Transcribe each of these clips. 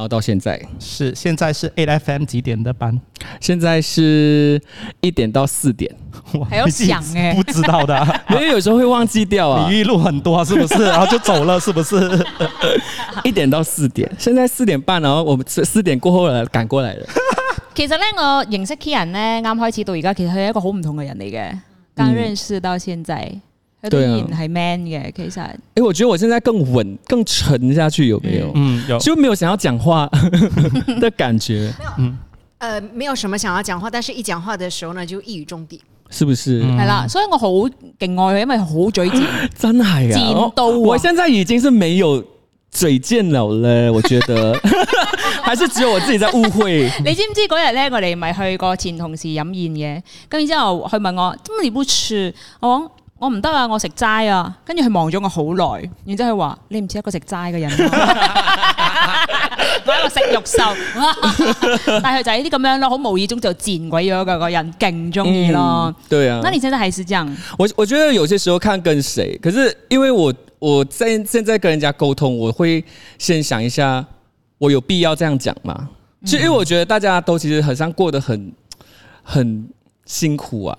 然後到現在是現在是 A F M 幾點的班？現在是一點到四點，我還要想哎，不知道的， 因為有時候會忘記掉啊。比喻路很多是不是？然後就走了是不是？一 點到四點，現在四點半，然後我們四點過後趕過來了。 其實呢，我認識 Kyan 呢，剛開始到而家，其實是一個好唔同的人嚟嘅，剛認識到現在。佢依然係 man 嘅、啊，其實。誒、欸，我覺得我現在更穩，更沉下去有沒有，有、嗯、冇？嗯，有。就沒有想要講話 的感覺。嗯，呃，誒，沒有什麼想要講話，但是一講話的時候呢，就一語中的，是不是？係、嗯、啦，所以我好敬愛佢，因為好嘴賤， 真係啊！我都、啊，我現在已經是沒有嘴賤佬咧，我覺得， 還是只有我自己在誤會。 你知唔知嗰日咧，我哋咪去過前同事飲宴嘅，咁 然之後佢問我，咁你唔食？我、哦。我唔得啊！我食齋啊！跟住佢望咗我好耐，然之後佢話：你唔似一， 一個食齋嘅人，我一個食肉獸。 但係就係呢啲咁樣咯，好無意中就賤鬼咗個個人，勁中意咯、嗯。對啊。那你現在還是這樣？我我覺得有些時候看跟誰，可是因為我我現現在跟人家溝通，我會先想一下，我有必要這樣講嗎？其實因為我覺得大家都其實好像過得很很辛苦啊。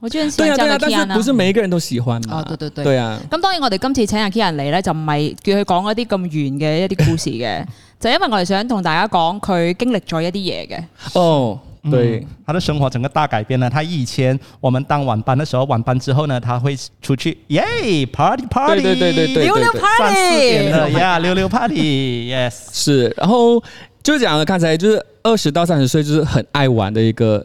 我中意斯嘉麗。但係不是每一個人都喜歡、啊嗯。哦，對對對。對啊。咁當然我哋今次請阿 Kyan 嚟咧，就唔係叫佢講麼圓的一啲咁遠嘅一啲故事嘅， 就因為我哋想同大家講佢經歷咗一啲嘢嘅。哦，對、嗯。他的生活整個大改變了。他以前我們當晚班的時候，晚班之後呢，他會出去，耶、嗯 yeah,，party party，對對對對溜溜 party。三、yeah, 溜溜 party，Yes。 是。然後就講個，剛才就是二十到三十歲，就是很愛玩的一個。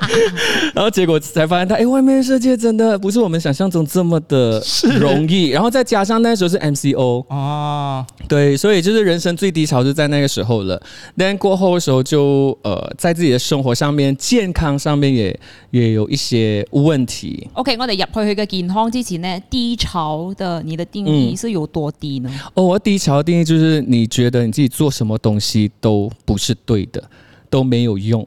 然後結果才發現他，他、欸、哎，外面的世界真的不是我們想象中這麼的容易的。然後再加上那時候是 MCO 啊，對，所以就是人生最低潮就在那個時候了。但過後的時候就，就呃，在自己的生活上面、健康上面也也有一些問題。OK，我哋入去佢嘅健康之前呢，低潮的你的定義是有多低呢？嗯、哦，我低潮的定義就是你覺得你自己做什麼東西都不是對的，都沒有用。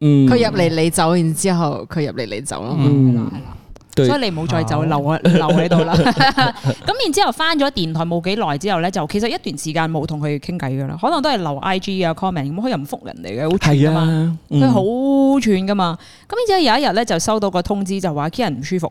佢入嚟你走，然之後佢入嚟你走咯，嗯、所以你唔好再走，好留我留喺度啦。咁 然之後翻咗電台冇幾耐之後咧，就其實一段時間冇同佢傾偈噶啦，可能都係留 I G 啊 comment，咁佢又唔復人哋嘅，好串噶嘛，佢好串噶嘛。咁然之後有一日咧就收到個通知，就話啲人唔舒服。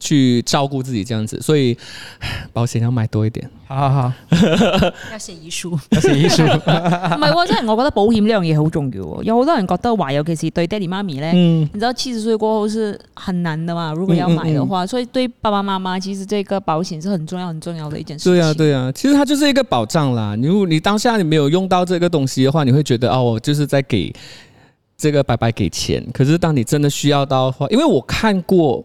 去照顧自己這樣子，所以保險要買多一點。好好好， 要寫遺一書， 要寫遺一書。唔係，真係我覺得保險呢樣嘢好重要哦。有好多人覺得話，尤其是對爹哋媽咪呢？你知道七十歲過後是很難的嘛。如果要買的話，嗯嗯嗯，所以對爸爸媽媽，其實這個保險是很重要、很重要的一件事。對啊，對啊，其實它就是一個保障啦。如果你當下你沒有用到這個東西的話，你會覺得哦，我就是在給這個白白給錢。可是當你真的需要到的話，因為我看過。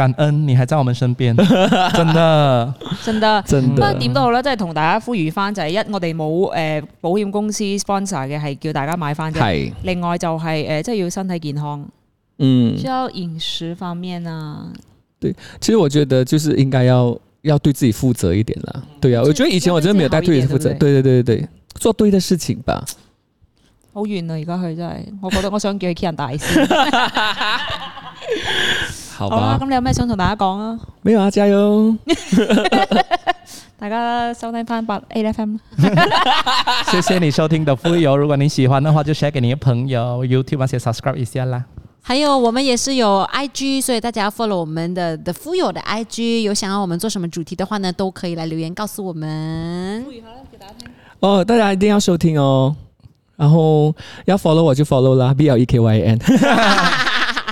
感恩你還在我們身邊， 真的，真的，真的。不過點都好啦，即係同大家呼籲翻，就係、是、一我哋冇誒保險公司 sponsor 嘅，係叫大家買翻。係另外就係、是、誒，即係要身體健康，嗯，需要飲食方面啊。對，其實我覺得就是應該要要對自己負責一點啦。對啊、嗯，我覺得以前我真的沒有對自己負責。對對對對對，做對的事情吧。好遠啊！而家佢真係，我覺得我想叫佢 K 人大師。 好、oh, 啊，咁你有咩想同大家講啊？沒有啊，加油！大家收聽翻八 A F M。謝謝你收聽 The Fuyoh，如果你喜歡的話，就 share 俾你嘅朋友，YouTube 啊，寫 subscribe 一下啦。還有，我們也是有 I G，所以大家要 follow 我們的 The Fuyoh 的 I G，有想要我們做什麼主題的話呢，都可以來留言告訴我們。哦，大家一定要收聽哦，然後要 follow 我就 follow 啦，B L E K Y N。B-L-E-K-Y-N